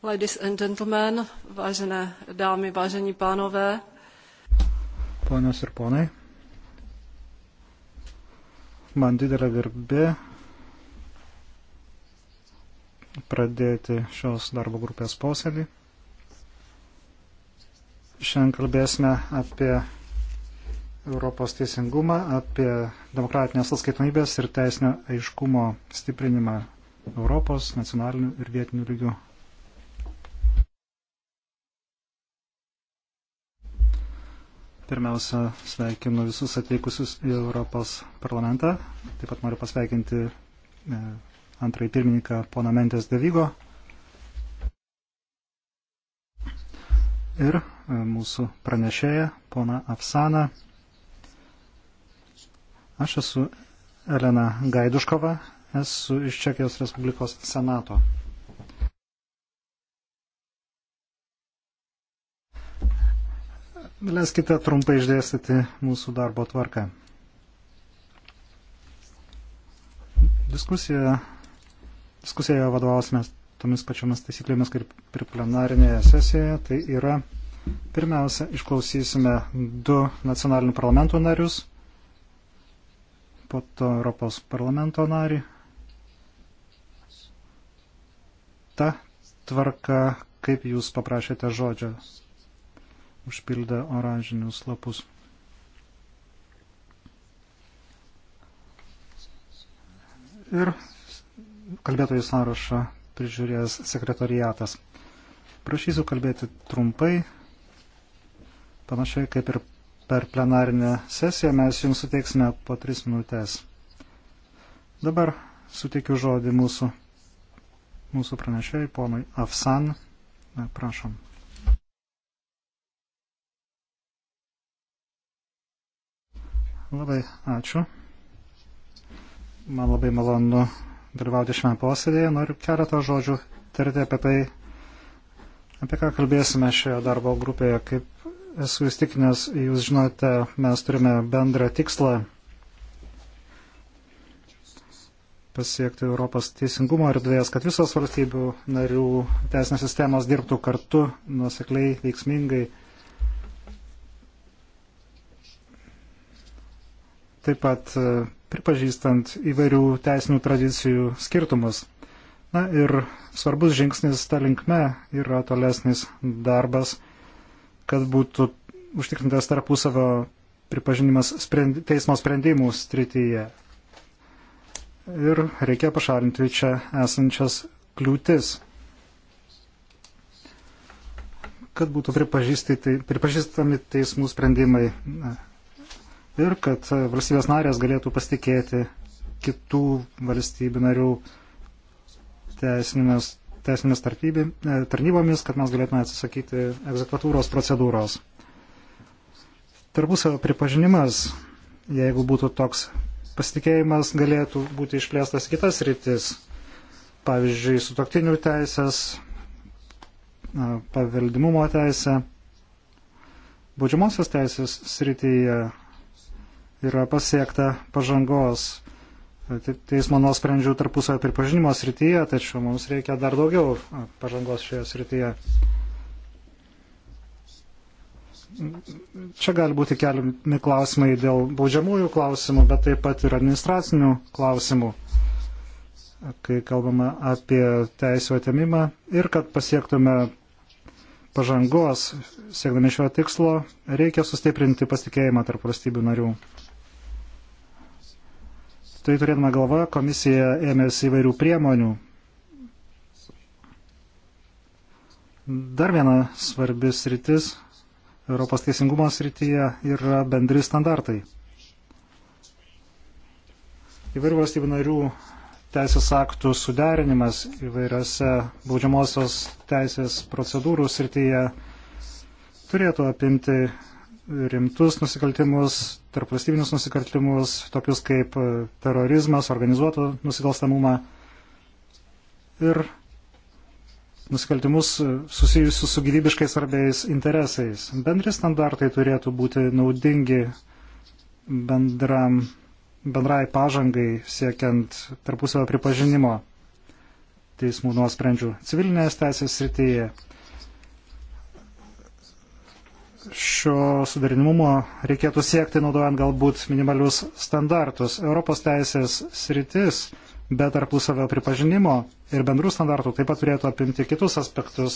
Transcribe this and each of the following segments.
Ladies and gentlemen, vážené dámy, vážení pánové. Ponios ir ponai, man didelė garbė pradėti šios darbo grupės posėdį. Šiandien kalbėsime apie Europos teisingumą, apie demokratinės atskaitomybės ir teisinio aiškumo stiprinimą Europos, nacionalinių ir vietinių lygių. Pirmiausia, sveikinu visus atvykusius į Europos parlamentą. Taip pat noriu pasveikinti e, antrąjį pirmininką poną Mentės Devygo ir e, mūsų pranešėją poną Afsaną. Aš esu Elena Gaiduškova, esu iš Čekijos Respublikos Senato. Leiskite trumpai išdėstyti mūsų darbo tvarką. Diskusija, diskusijoje vadovausime tomis pačiomis taisyklėmis kaip ir plenarinėje sesijoje. Tai yra, pirmiausia, išklausysime du nacionalinių parlamentų narius, po to Europos parlamento narį. Ta tvarka, kaip jūs paprašėte žodžio užpildę oranžinius lapus. Ir kalbėtojų sąrašą prižiūrės sekretariatas. Prašysiu kalbėti trumpai, panašiai kaip ir per plenarinę sesiją mes jums suteiksime po tris minutės. Dabar suteikiu žodį mūsų, mūsų pranešėjai, ponui Afsan. Prašom. Labai ačiū. Man labai malonu dalyvauti šiame posėdėje. Noriu keletą žodžių tarti apie tai, apie ką kalbėsime šioje darbo grupėje. Kaip esu įstikinęs, jūs žinote, mes turime bendrą tikslą pasiekti Europos teisingumo erdvės, kad visos valstybių narių teisinės sistemos dirbtų kartu, nuosekliai, veiksmingai taip pat e, pripažįstant įvairių teisinių tradicijų skirtumus. Na ir svarbus žingsnis tą linkme yra tolesnis darbas, kad būtų užtikrintas tarpusavio pripažinimas sprendi, teismo sprendimų strityje. Ir reikia pašalinti čia esančias kliūtis, kad būtų pripažįstami teismų sprendimai ir kad valstybės narės galėtų pasitikėti kitų valstybių narių teisinėmis, teisinėmis e, tarnybomis, kad mes galėtume atsisakyti egzekvatūros procedūros. Tarpusavio pripažinimas, jeigu būtų toks pasitikėjimas, galėtų būti išplėstas kitas rytis, pavyzdžiui, sutoktinių teisės, e, paveldimumo teisė. Baudžiamosios teisės srityje yra pasiekta pažangos teismo nuosprendžių tarpusavio pripažinimo srityje, tačiau mums reikia dar daugiau pažangos šioje srityje. Čia gali būti keliami klausimai dėl baudžiamųjų klausimų, bet taip pat ir administracinių klausimų, kai kalbama apie teisų atėmimą ir kad pasiektume pažangos, siekdami šio tikslo, reikia sustiprinti pasitikėjimą tarp valstybių narių. Tai turėdama galvoje, komisija ėmėsi įvairių priemonių. Dar viena svarbis rytis Europos teisingumo srityje yra bendri standartai. Įvairių valstybių narių teisės aktų suderinimas įvairiose baudžiamosios teisės procedūrų srityje turėtų apimti rimtus nusikaltimus, tarpvalstybinius nusikaltimus, tokius kaip e, terorizmas, organizuotų nusikalstamumą ir nusikaltimus e, susijusius su gyvybiškai svarbiais interesais. Bendri standartai turėtų būti naudingi bendram, bendrai pažangai siekiant tarpusavio pripažinimo teismų nuosprendžių civilinės teisės srityje šio sudarinimumo reikėtų siekti naudojant galbūt minimalius standartus. Europos teisės sritis be tarpusavio pripažinimo ir bendrų standartų taip pat turėtų apimti kitus aspektus,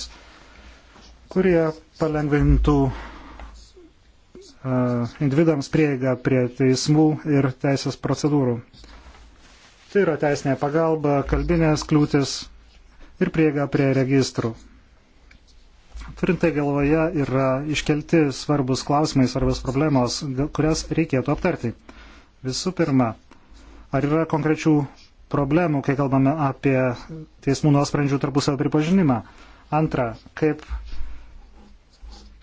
kurie palengvintų uh, individams prieigą prie teismų ir teisės procedūrų. Tai yra teisinė pagalba, kalbinės kliūtis ir prieiga prie registrų. Turint tai galvoje yra iškelti svarbus klausimai, svarbus problemos, kurias reikėtų aptarti. Visų pirma, ar yra konkrečių problemų, kai kalbame apie teismų nuosprendžių tarpusavio pripažinimą? Antra, kaip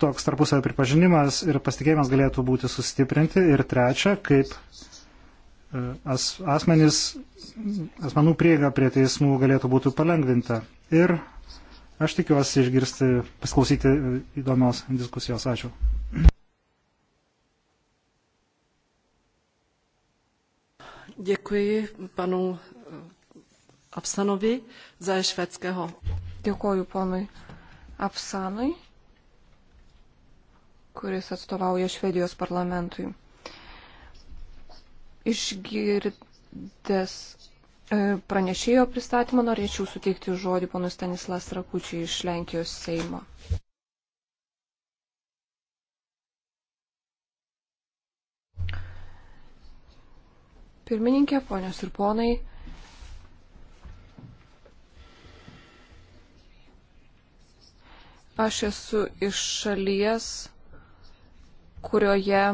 toks tarpusavio pripažinimas ir pasitikėjimas galėtų būti sustiprinti. Ir trečia, kaip e, as, asmenys, asmenų prieiga prie teismų galėtų būti palengvinta. Ir Aš tikiuosi išgirsti, pasklausyti įdomios diskusijos. Ačiū. Děkuji panu eh, Apsanovi za švédského. Dėkoju ponui Apsanui, kuris atstovauja Švedijos parlamentui. Išgirdęs E, pranešėjo pristatymą norėčiau suteikti žodį ponu Stanislas Rakučiai iš Lenkijos Seimo. Pirmininkė, ponios ir ponai. Aš esu iš šalies, kurioje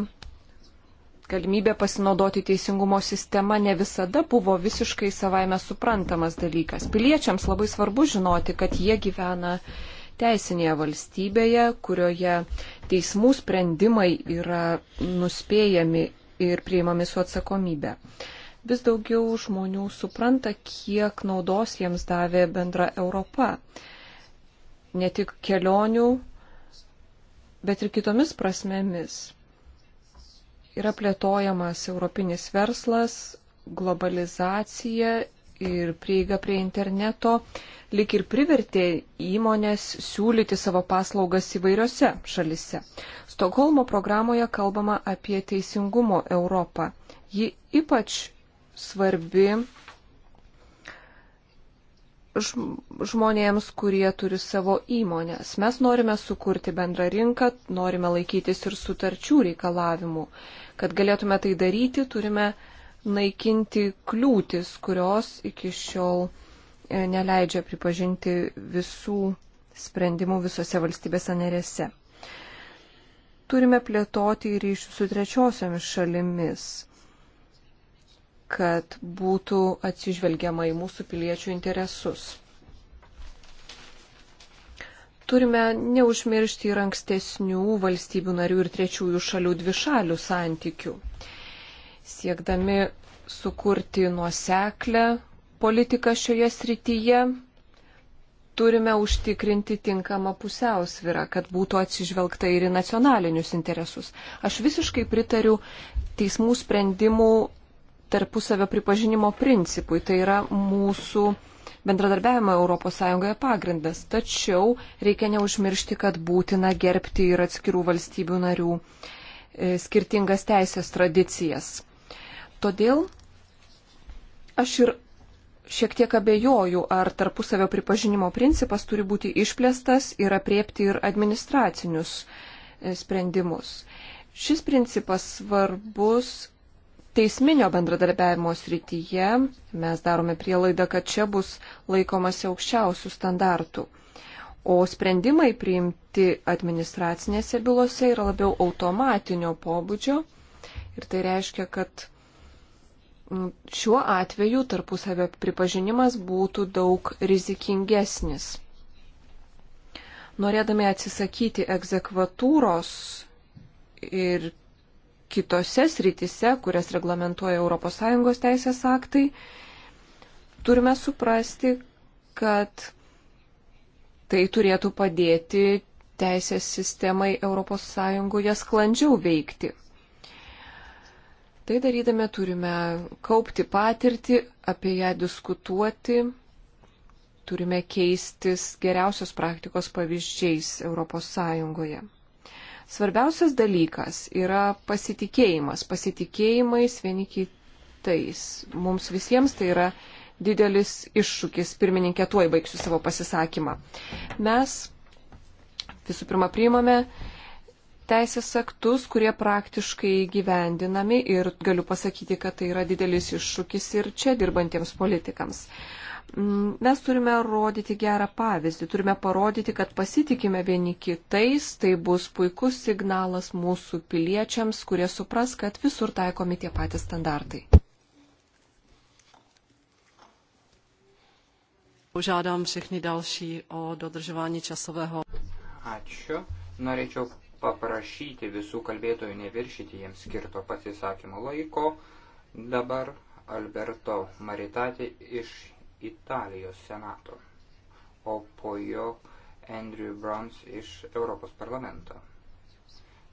galimybė pasinaudoti teisingumo sistema ne visada buvo visiškai savaime suprantamas dalykas. Piliečiams labai svarbu žinoti, kad jie gyvena teisinėje valstybėje, kurioje teismų sprendimai yra nuspėjami ir priimami su atsakomybė. Vis daugiau žmonių supranta, kiek naudos jiems davė bendra Europa. Ne tik kelionių, bet ir kitomis prasmėmis. Yra plėtojamas europinis verslas, globalizacija ir prieiga prie interneto lik ir privertė įmonės siūlyti savo paslaugas įvairiose šalise. Stokholmo programoje kalbama apie teisingumo Europą. Ji ypač svarbi žmonėms, kurie turi savo įmonės. Mes norime sukurti bendrą rinką, norime laikytis ir sutarčių reikalavimų. Kad galėtume tai daryti, turime naikinti kliūtis, kurios iki šiol e, neleidžia pripažinti visų sprendimų visose valstybėse narėse. Turime plėtoti ryšius su trečiosiomis šalimis, kad būtų atsižvelgiama į mūsų piliečių interesus turime neužmiršti ir ankstesnių valstybių narių ir trečiųjų šalių dvišalių santykių. Siekdami sukurti nuoseklę politiką šioje srityje, turime užtikrinti tinkamą pusiausvirą, kad būtų atsižvelgta ir į nacionalinius interesus. Aš visiškai pritariu teismų sprendimų tarpusavio pripažinimo principui. Tai yra mūsų bendradarbiavimo ES pagrindas. Tačiau reikia neužmiršti, kad būtina gerbti ir atskirų valstybių narių e, skirtingas teisės tradicijas. Todėl aš ir šiek tiek abejoju, ar tarpusavio pripažinimo principas turi būti išplėstas ir apriepti ir administracinius e, sprendimus. Šis principas svarbus teisminio bendradarbiavimo srityje mes darome prielaidą, kad čia bus laikomasi aukščiausių standartų. O sprendimai priimti administracinėse bylose yra labiau automatinio pobūdžio. Ir tai reiškia, kad mm, šiuo atveju tarpusavio pripažinimas būtų daug rizikingesnis. Norėdami atsisakyti egzekvatūros ir kitose sritise, kurias reglamentuoja ES teisės aktai, turime suprasti, kad tai turėtų padėti teisės sistemai ES sklandžiau veikti. Tai darydami turime kaupti patirtį, apie ją diskutuoti, turime keistis geriausios praktikos pavyzdžiais ES. Svarbiausias dalykas yra pasitikėjimas, pasitikėjimais vieni kitais. Mums visiems tai yra didelis iššūkis. Pirmininkė, tuoj baigsiu savo pasisakymą. Mes visų pirma priimame teisės aktus, kurie praktiškai gyvendinami ir galiu pasakyti, kad tai yra didelis iššūkis ir čia dirbantiems politikams. Mes turime rodyti gerą pavyzdį, turime parodyti, kad pasitikime vieni kitais, tai bus puikus signalas mūsų piliečiams, kurie supras, kad visur taikomi tie patys standartai. Požádám všechny další o dodržování časového. Ačiū. Norėčiau paprašyti visų kalbėtojų neviršyti jiems skirto pasisakymo laiko. Dabar Alberto Maritati iš Italijos senato, o po jo Andrew Browns iš Europos parlamento.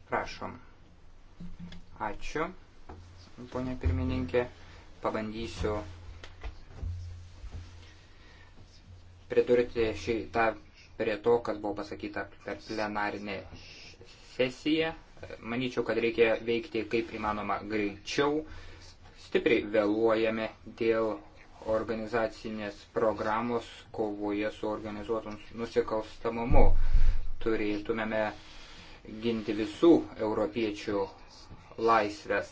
Prašom. Ačiū, ponė pirmininkė. Pabandysiu pridurti šį tą prie to, kas buvo pasakyta per plenarinę sesiją. Manyčiau, kad reikia veikti kaip įmanoma greičiau. Stipriai vėluojame dėl organizacinės programos kovoje su organizuotum nusikalstamumu. Turėtumėme ginti visų europiečių laisvės.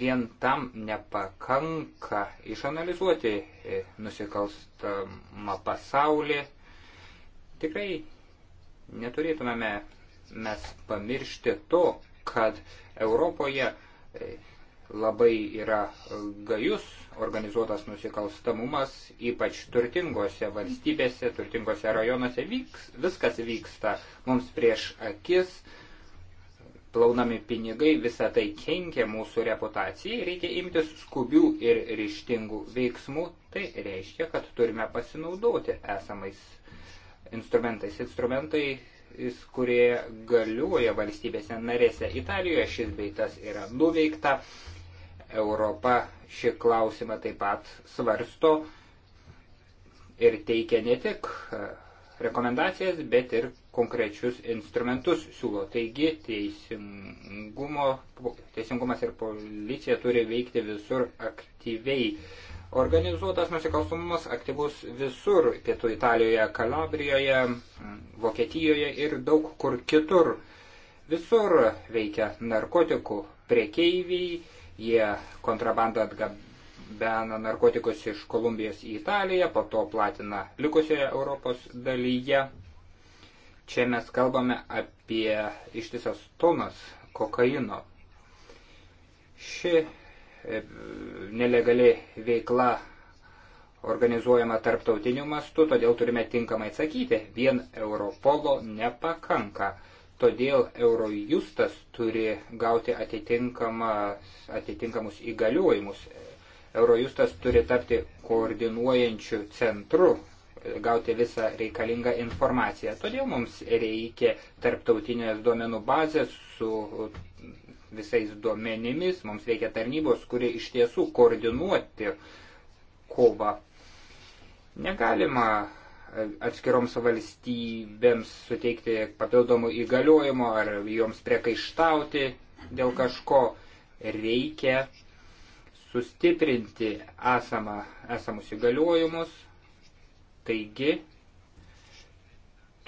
Vien tam nepakanka išanalizuoti e, nusikalstamą pasaulį. Tikrai neturėtumėme mes pamiršti to, kad Europoje e, labai yra gajus organizuotas nusikalstamumas, ypač turtingose valstybėse, turtingose rajonuose vyks, viskas vyksta mums prieš akis, plaunami pinigai, visa tai kenkia mūsų reputacijai, reikia imtis skubių ir ryštingų veiksmų, tai reiškia, kad turime pasinaudoti esamais instrumentais. Instrumentai kurie galioja valstybėse narėse. Italijoje šis beitas yra nuveikta, Europa šį klausimą taip pat svarsto ir teikia ne tik e, rekomendacijas, bet ir konkrečius instrumentus siūlo. Taigi teisingumo, teisingumas ir policija turi veikti visur aktyviai. Organizuotas nusikalstumas aktyvus visur - Pietų Italijoje, Kalabrijoje, Vokietijoje ir daug kur kitur. Visur veikia narkotikų priekeiviai, Jie kontrabandą atgabena narkotikus iš Kolumbijos į Italiją, po to platina likusioje Europos dalyje. Čia mes kalbame apie ištisas tonas kokaino. Ši e, nelegali veikla organizuojama tarptautiniu mastu, todėl turime tinkamai atsakyti, vien Europolo nepakanka. Todėl Eurojustas turi gauti atitinkamus įgaliojimus. Eurojustas turi tapti koordinuojančiu centru, gauti visą reikalingą informaciją. Todėl mums reikia tarptautinės duomenų bazės su visais duomenimis, mums reikia tarnybos, kurie iš tiesų koordinuoti kovą. Negalima atskiroms valstybėms suteikti papildomų įgaliojimų ar joms priekaištauti dėl kažko. Reikia sustiprinti esamą, esamus įgaliojimus. Taigi,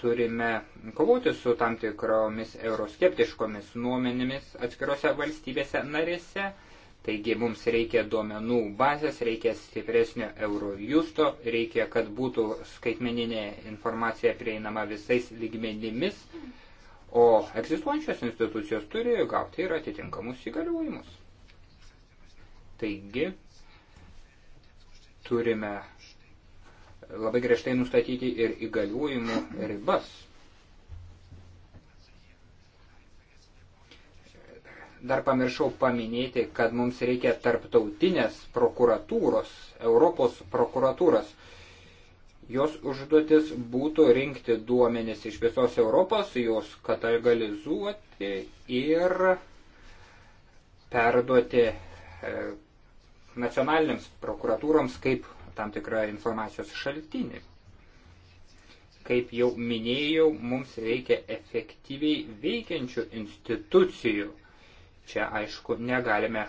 turime kovoti su tam tikromis euroskeptiškomis nuomenėmis atskirose valstybėse narėse. Taigi mums reikia duomenų bazės, reikia stipresnio Eurojusto, reikia, kad būtų skaitmeninė informacija prieinama visais lygmenimis, o egzistuojančios institucijos turi gauti ir atitinkamus įgaliojimus. Taigi turime labai griežtai nustatyti ir įgaliojimų ribas. dar pamiršau paminėti, kad mums reikia tarptautinės prokuratūros, Europos prokuratūros. Jos užduotis būtų rinkti duomenis iš visos Europos, juos katalizuoti ir perduoti e, nacionaliniams prokuratūroms kaip tam tikrą informacijos šaltinį. Kaip jau minėjau, mums reikia efektyviai veikiančių institucijų Čia, aišku, negalime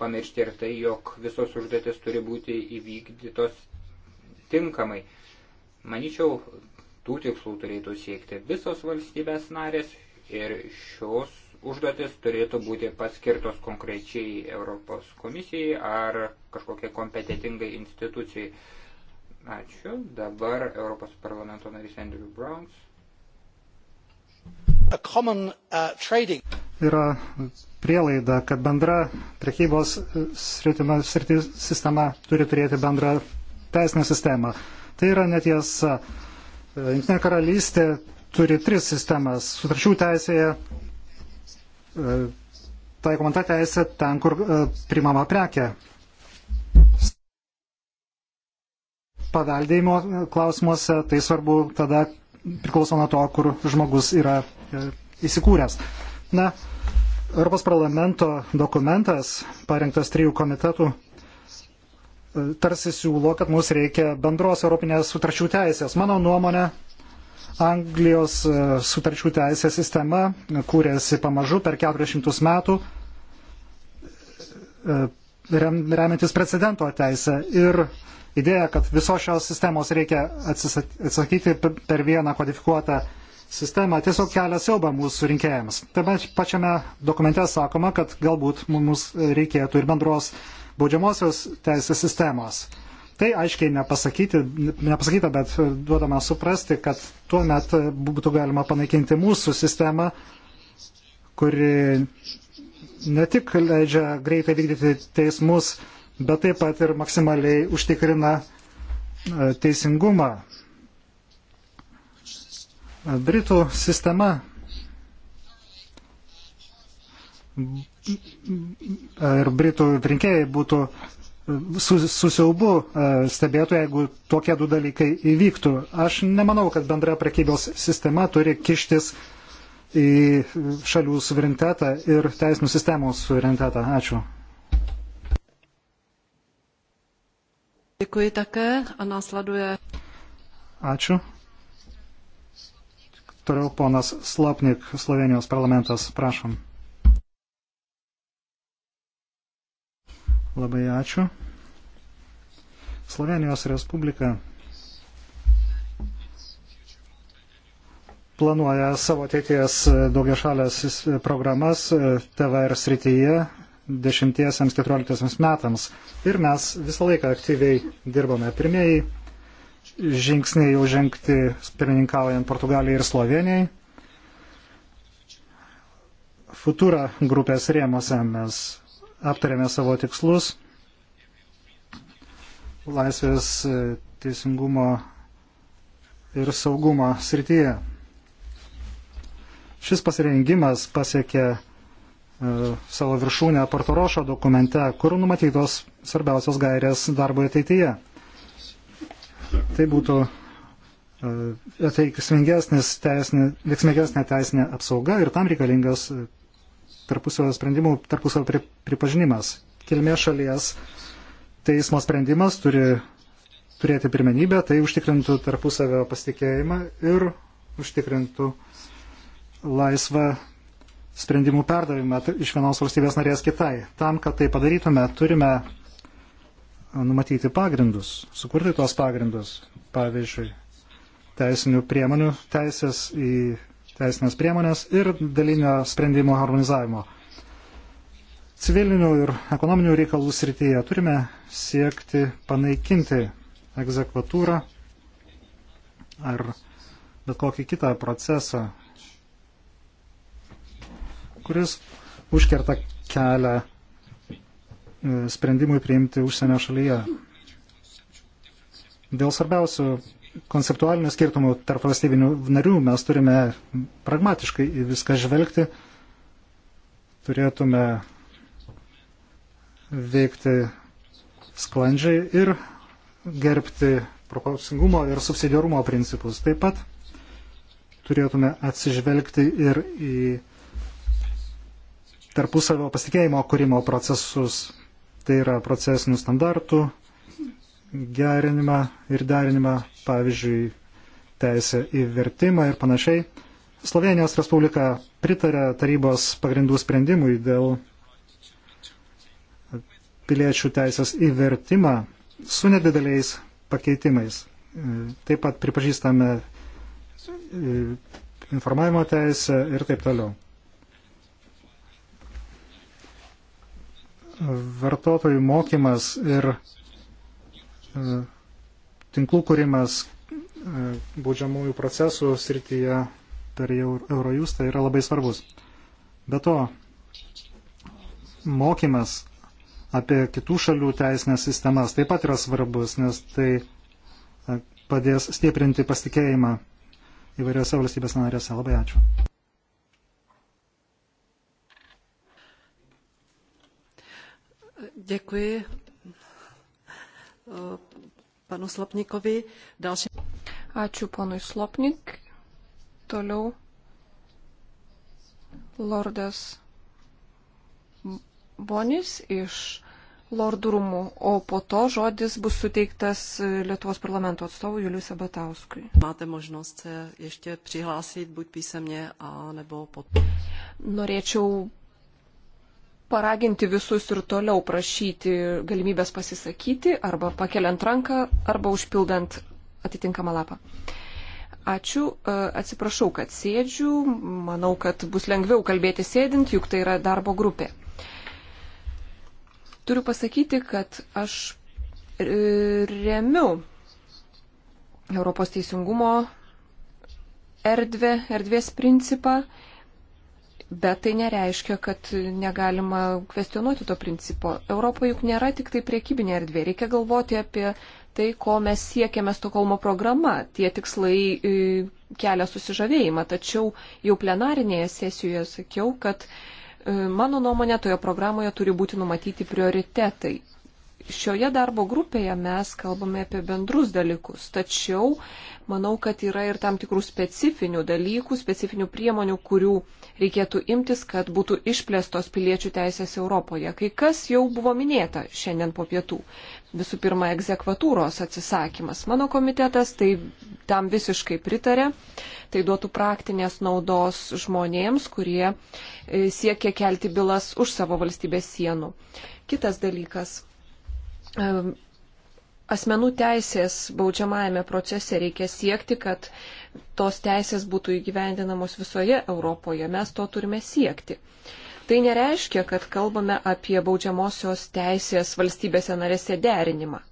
pamiršti ir tai, jog visos užduotis turi būti įvykdytos tinkamai. Maničiau, tų tikslų turėtų siekti visos valstybės narės ir šios užduotis turėtų būti paskirtos konkrečiai Europos komisijai ar kažkokiai kompetitingai institucijai. Ačiū. Dabar Europos parlamento narys Andrew Browns. Uh, yra prielaida, kad bendra prekybos e, sritima, sriti, sistema turi turėti bendrą teisinę sistemą. Tai yra netiesa. E, Jungtinė karalystė turi tris sistemas. Sutarčių teisėje e, taikoma ta teisė ten, kur primama prekė. Paveldėjimo klausimuose tai svarbu tada priklauso nuo to, kur žmogus yra E, įsikūręs. Na, Europos parlamento dokumentas, parengtas trijų komitetų, e, tarsi siūlo, kad mums reikia bendros europinės sutarčių teisės. Mano nuomonė, Anglijos e, sutarčių teisės sistema kūrėsi pamažu per 400 metų, remiantis precedento teisę. Ir idėja, kad visos šios sistemos reikia atsisakyti per vieną kodifikuotą sistemą tiesiog kelia siaubą mūsų rinkėjams. Taip pat pačiame dokumente sakoma, kad galbūt mums reikėtų ir bendros baudžiamosios teisės sistemos. Tai aiškiai nepasakyta, bet duodama suprasti, kad tuo metu būtų galima panaikinti mūsų sistemą, kuri ne tik leidžia greitai vykdyti teismus, bet taip pat ir maksimaliai užtikrina e, teisingumą Britų sistema ir Britų rinkėjai būtų su, su siaubu e, stebėtų, jeigu tokie du dalykai įvyktų. Aš nemanau, kad bendra prekybos sistema turi kištis į šalių suverenitetą ir teisinių sistemos suverenitetą. Ačiū. Dėkui také a následuje. Ačiū. Toliau ponas Slapnik, Slovenijos parlamentas, prašom. Labai ačiū. Slovenijos Respublika planuoja savo ateities daugiašalės programas TVR srityje 10-14 metams. Ir mes visą laiką aktyviai dirbame. Pirmieji žingsniai jau žengti pirmininkaujant Portugalijai ir Slovenijai. Futura grupės rėmose mes aptarėme savo tikslus. Laisvės e, teisingumo ir saugumo srityje. Šis pasirengimas pasiekė e, savo viršūnę Portorošo dokumente, kur numatytos svarbiausios gairės darbo ateityje. Tai būtų veiksmingesnė e, tai teisinė apsauga ir tam reikalingas e, tarpusavio sprendimų, tarpusavio pripažinimas. Kilmės šalies teismo sprendimas turi turėti pirmenybę, tai užtikrintų tarpusavio pasitikėjimą ir užtikrintų laisvą sprendimų perdavimą iš vienos valstybės narės kitai. Tam, kad tai padarytume, turime numatyti pagrindus, sukurti tuos pagrindus, pavyzdžiui, teisinių priemonių, teisės į teisinės priemonės ir dalinio sprendimo harmonizavimo. Civilinių ir ekonominių reikalų srityje turime siekti panaikinti egzekvatūrą ar bet kokį kitą procesą, kuris užkerta kelią E, sprendimui priimti užsienio šalyje. Dėl svarbiausių konceptualinių skirtumų tarp valstybinių narių mes turime pragmatiškai į viską žvelgti, turėtume veikti sklandžiai ir gerbti proporcingumo ir subsidiarumo principus. Taip pat turėtume atsižvelgti ir į tarpusavio pasitikėjimo kūrimo procesus tai yra procesinių standartų gerinimą ir derinimą, pavyzdžiui, teisę į vertimą ir panašiai. Slovenijos Respublika pritarė tarybos pagrindų sprendimui dėl piliečių teisės į vertimą su nedideliais pakeitimais. Taip pat pripažįstame e, informavimo teisę ir taip toliau. vartotojų mokymas ir e, tinklų kūrimas e, baudžiamųjų procesų srityje per Eurojustą tai yra labai svarbus. Be to, mokymas apie kitų šalių teisinės sistemas taip pat yra svarbus, nes tai e, padės stiprinti pasitikėjimą įvairiose valstybės narėse. Labai ačiū. Děkuji eh, panu Slopnikovi. Další... Ačiū ponui Slopnik. Toliau Lordas Bonis iš Lordų rūmų, o po to žodis bus suteiktas Lietuvos parlamento atstovui Juliu Sabatauskui. Máte možnost se ještě přihlásit buď písemně, a nebo pod... Norėčiau paraginti visus ir toliau prašyti galimybės pasisakyti arba pakeliant ranką arba užpildant atitinkamą lapą. Ačiū, e, atsiprašau, kad sėdžiu, manau, kad bus lengviau kalbėti sėdint, juk tai yra darbo grupė. Turiu pasakyti, kad aš e, remiu Europos teisingumo erdvę, erdvės principą Bet tai nereiškia, kad negalima kvestionuoti to principo. Europa juk nėra tik tai priekybinė erdvė. Reikia galvoti apie tai, ko mes siekiame Stokholmo programa. Tie tikslai e, kelia susižavėjimą. Tačiau jau plenarinėje sesijoje sakiau, kad e, mano nuomonė toje programoje turi būti numatyti prioritetai šioje darbo grupėje mes kalbame apie bendrus dalykus, tačiau manau, kad yra ir tam tikrų specifinių dalykų, specifinių priemonių, kurių reikėtų imtis, kad būtų išplėstos piliečių teisės Europoje. Kai kas jau buvo minėta šiandien po pietų. Visų pirma, egzekvatūros atsisakymas. Mano komitetas tai tam visiškai pritarė. Tai duotų praktinės naudos žmonėms, kurie e, siekia kelti bylas už savo valstybės sienų. Kitas dalykas asmenų teisės baudžiamajame procese reikia siekti, kad tos teisės būtų įgyvendinamos visoje Europoje. Mes to turime siekti. Tai nereiškia, kad kalbame apie baudžiamosios teisės valstybėse narėse derinimą.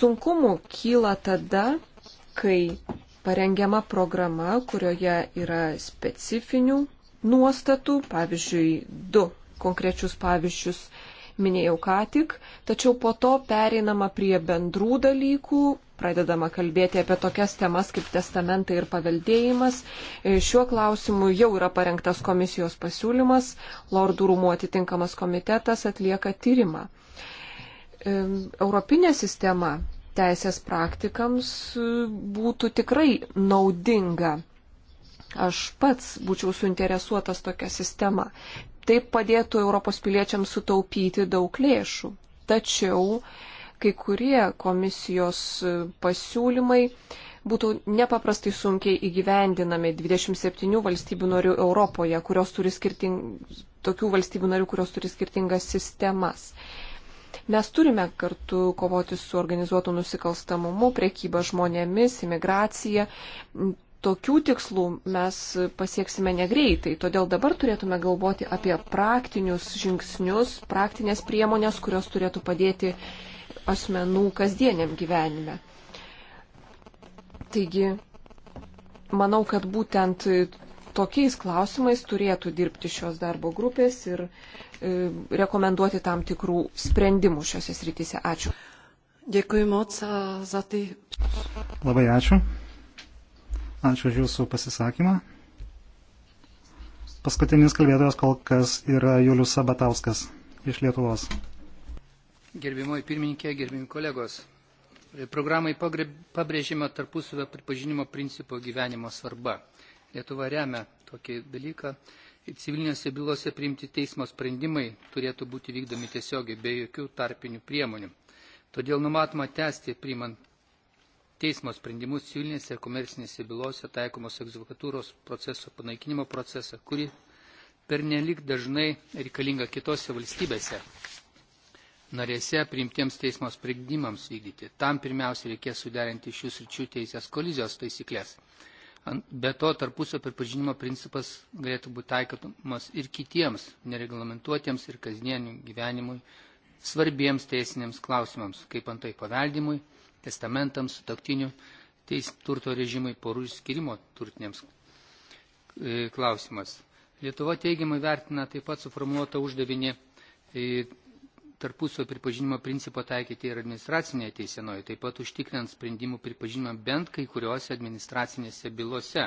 Sunkumų kyla tada, kai parengiama programa, kurioje yra specifinių nuostatų, pavyzdžiui, du konkrečius pavyzdžius minėjau ką tik, tačiau po to pereinama prie bendrų dalykų, pradedama kalbėti apie tokias temas kaip testamentai ir paveldėjimas. E, šiuo klausimu jau yra parengtas komisijos pasiūlymas, lordų rūmų atitinkamas komitetas atlieka tyrimą. E, europinė sistema teisės praktikams būtų tikrai naudinga. Aš pats būčiau suinteresuotas tokią sistemą tai padėtų Europos piliečiams sutaupyti daug lėšų. Tačiau kai kurie komisijos pasiūlymai būtų nepaprastai sunkiai įgyvendinami 27 valstybių narių Europoje, kurios turi skirting... tokių valstybių narių, kurios turi skirtingas sistemas. Mes turime kartu kovoti su organizuotu nusikalstamumu, priekyba žmonėmis, imigracija tokių tikslų mes pasieksime negreitai. Todėl dabar turėtume galvoti apie praktinius žingsnius, praktinės priemonės, kurios turėtų padėti asmenų kasdieniam gyvenime. Taigi, manau, kad būtent tokiais klausimais turėtų dirbti šios darbo grupės ir e, rekomenduoti tam tikrų sprendimų šiuose srityse. Ačiū. Dėkui moc za tai. Labai ačiū. Ačiū už Jūsų pasisakymą. Paskutinis kalbėtojas kol kas yra Julius Sabatauskas iš Lietuvos. Gerbimoji pirmininkė, gerbimi kolegos. Programai pabrėžima tarpusavio pripažinimo principo gyvenimo svarba. Lietuva remia tokį dalyką civilinėse bylose priimti teismo sprendimai turėtų būti vykdomi tiesiogiai be jokių tarpinių priemonių. Todėl numatoma tęsti priimant teismo sprendimus civilinėse ir komercinėse bylose taikomos egzekutūros proceso panaikinimo procesą, kuri pernelik dažnai reikalinga kitose valstybėse narėse priimtiems teismo sprendimams vykdyti. Tam pirmiausia reikės suderinti šių sričių teisės kolizijos taisyklės. Be to, tarpusio pripažinimo principas galėtų būti taikomas ir kitiems nereglamentuotiems ir kasdieniam gyvenimui svarbiems teisiniams klausimams, kaip antai paveldimui, testamentams, sutoktinių teis, turto režimui, porų išskirimo turtiniams e, klausimas. Lietuva teigiamai vertina taip pat suformuotą uždavinį e, tarpusio pripažinimo principą taikyti ir administracinėje teisenoje, taip pat užtikrinant sprendimų pripažinimą bent kai kuriuose administracinėse bylose.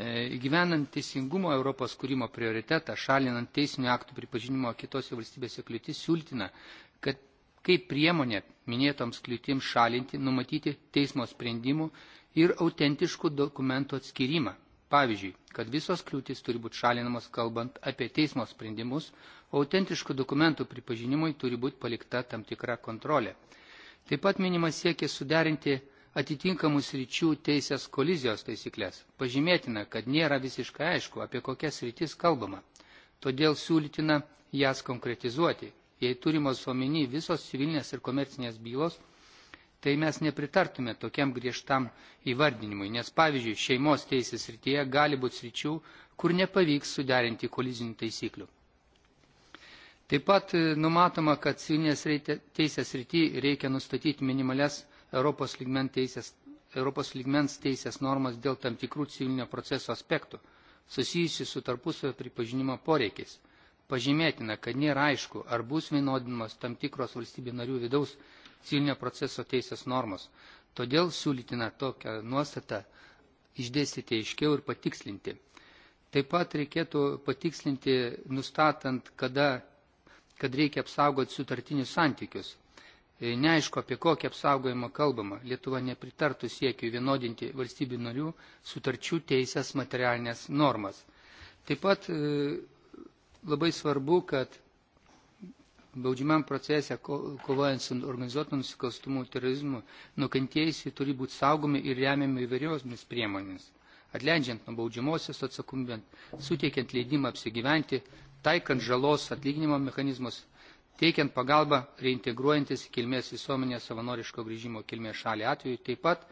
E, įgyvenant teisingumo Europos kūrimo prioritetą, šalinant teisinių aktų pripažinimo kitose valstybėse kliūtis, siūlytina, kaip priemonė minėtoms kliūtims šalinti numatyti teismo sprendimų ir autentiškų dokumentų atskirimą. Pavyzdžiui, kad visos kliūtis turi būti šalinamos kalbant apie teismo sprendimus, autentiškų dokumentų pripažinimui turi būti palikta tam tikra kontrolė. Taip pat minimas siekis suderinti atitinkamus ryčių teisės kolizijos taisyklės. Pažymėtina, kad nėra visiškai aišku, apie kokias rytis kalbama. Todėl siūlytina jas konkretizuoti jei turimos omeny visos civilinės ir komercinės bylos, tai mes nepritartume tokiam griežtam įvardinimui, nes pavyzdžiui, šeimos teisės rytyje gali būti sričių, kur nepavyks suderinti kolizinių taisyklių. Taip pat e, numatoma, kad civilinės teisės rytyje reikia nustatyti minimales Europos lygmens teisės, Europos lygmens teisės normas dėl tam tikrų civilinio proceso aspektų, susijusių su tarpusavio pripažinimo poreikiais – Pažymėtina, kad nėra aišku, ar bus vienodinimas tam tikros valstybių narių vidaus civilinio proceso teisės normos. Todėl siūlytina tokią nuostatą išdėstyti aiškiau ir patikslinti. Taip pat reikėtų patikslinti, nustatant, kada, kad reikia apsaugoti sutartinius santykius. E, neaišku, apie kokį apsaugojimą kalbama. Lietuva nepritartų siekiu vienodinti valstybių narių sutarčių teisės materialinės normas. Taip pat e, labai svarbu, kad baudžiamam procese, kovojant su organizuotų nusikalstumų terorizmu, nukentėjusi turi būti saugomi ir remiami įvairiomis priemonėmis, atleidžiant nuo baudžiamosios atsakumbent, suteikiant leidimą apsigyventi, taikant žalos atlyginimo mechanizmus, teikiant pagalbą reintegruojantis į kilmės visuomenę savanoriško grįžimo kilmės šalį atveju, taip pat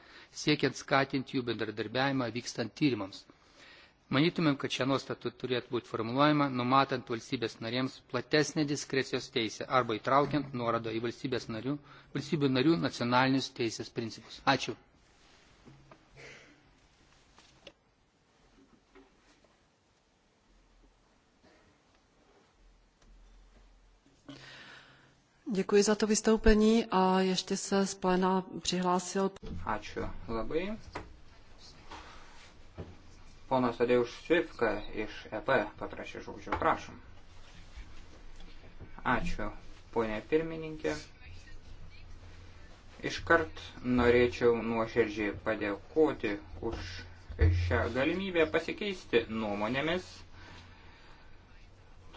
siekiant skatinti jų bendradarbiavimą vykstant tyrimams. Manytumėm, kad šią nuostatą turėtų būti formuluojama, numatant valstybės narėms platesnę diskrecijos teisę arba įtraukiant nuorodą į valstybės narių, valstybių narių nacionalinius teisės principus. Ačiū. Děkuji za to vystoupení a ještě se z pléna přihlásil. Ačiū labai. Ponas Tadeuš Svifka iš EP paprašė žodžio, prašom. Ačiū, ponė pirmininkė. Iškart norėčiau nuoširdžiai padėkoti už šią galimybę pasikeisti nuomonėmis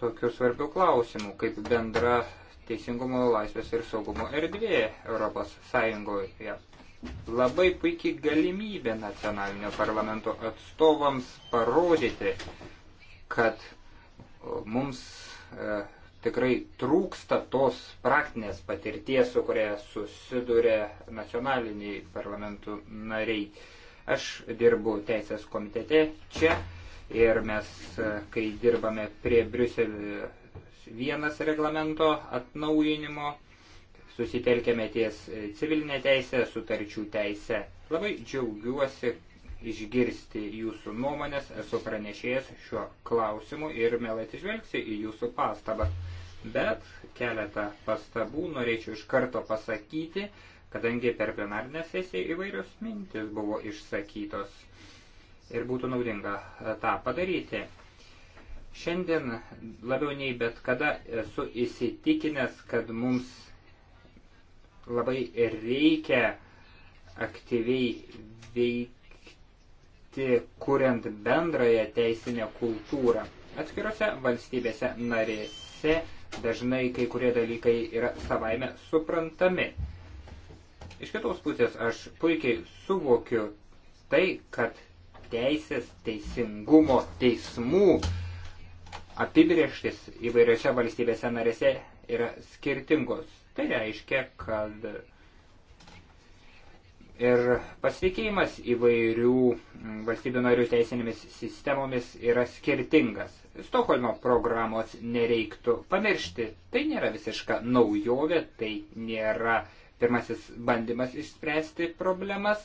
tokių svarbių klausimų, kaip bendra teisingumo, laisvės ir saugumo erdvė Europos Sąjungoje labai puikiai galimybė nacionalinio parlamento atstovams parodyti, kad mums e, tikrai trūksta tos praktinės patirties, su kuria susiduria nacionaliniai parlamentų nariai. Aš dirbu teisės komitete čia ir mes, e, kai dirbame prie Briuselio vienas reglamento atnaujinimo, susitelkėme ties e, civilinė teisė, sutarčių teisė. Labai džiaugiuosi išgirsti jūsų nuomonės, esu pranešėjęs šiuo klausimu ir mielai atsižvelgsiu į jūsų pastabą. Bet keletą pastabų norėčiau iš karto pasakyti, kadangi per plenarinę sesiją įvairios mintis buvo išsakytos ir būtų naudinga tą padaryti. Šiandien labiau nei bet kada esu įsitikinęs, kad mums labai reikia aktyviai veikti, kuriant bendrąją teisinę kultūrą. Atskirose valstybėse narėse dažnai kai kurie dalykai yra savaime suprantami. Iš kitos pusės aš puikiai suvokiu tai, kad teisės, teisingumo, teismų apibrieštis įvairiose valstybėse narėse yra skirtingos. Tai reiškia, kad ir pasitikėjimas įvairių valstybių narių teisinėmis sistemomis yra skirtingas. Stokholmo programos nereiktų pamiršti. Tai nėra visiška naujovė, tai nėra pirmasis bandymas išspręsti problemas.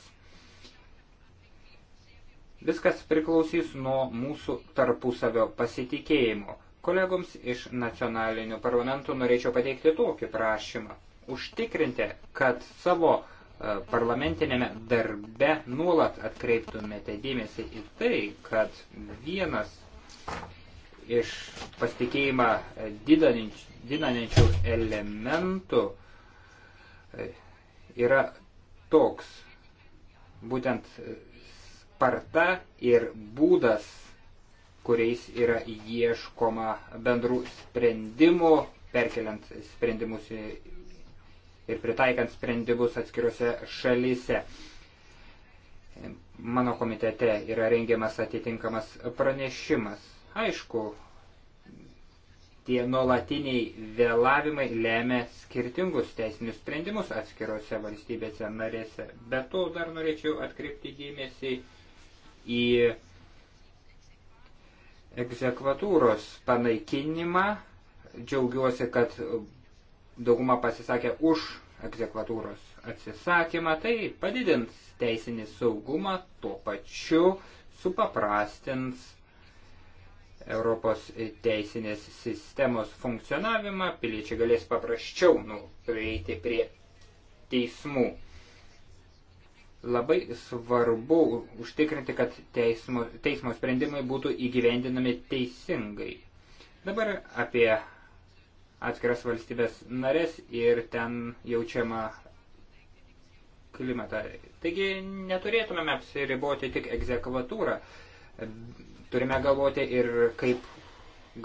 Viskas priklausys nuo mūsų tarpusavio pasitikėjimo. Kolegoms iš nacionalinių parlamentų norėčiau pateikti tokį prašymą. Užtikrinti, kad savo e, parlamentinėme darbe nuolat atkreiptumėte dėmesį į tai, kad vienas iš pasitikėjimą didinančių elementų e, yra toks būtent e, sparta ir būdas kuriais yra ieškoma bendrų sprendimų, perkeliant sprendimus ir pritaikant sprendimus atskiruose šalyse. Mano komitete yra rengiamas atitinkamas pranešimas. Aišku, tie nuolatiniai vėlavimai lemia skirtingus teisinius sprendimus atskiruose valstybėse narėse. Bet to dar norėčiau atkreipti dėmesį į egzekvatūros panaikinimą. Džiaugiuosi, kad dauguma pasisakė už egzekvatūros atsisakymą. Tai padidins teisinį saugumą, tuo pačiu supaprastins Europos teisinės sistemos funkcionavimą, piliečiai galės paprasčiau nu, prieiti prie teismų. Labai svarbu užtikrinti, kad teismo, teismo sprendimai būtų įgyvendinami teisingai. Dabar apie atskiras valstybės narės ir ten jaučiama klimatą. Taigi neturėtumėme apsiriboti tik egzekvatūrą. Turime galvoti ir kaip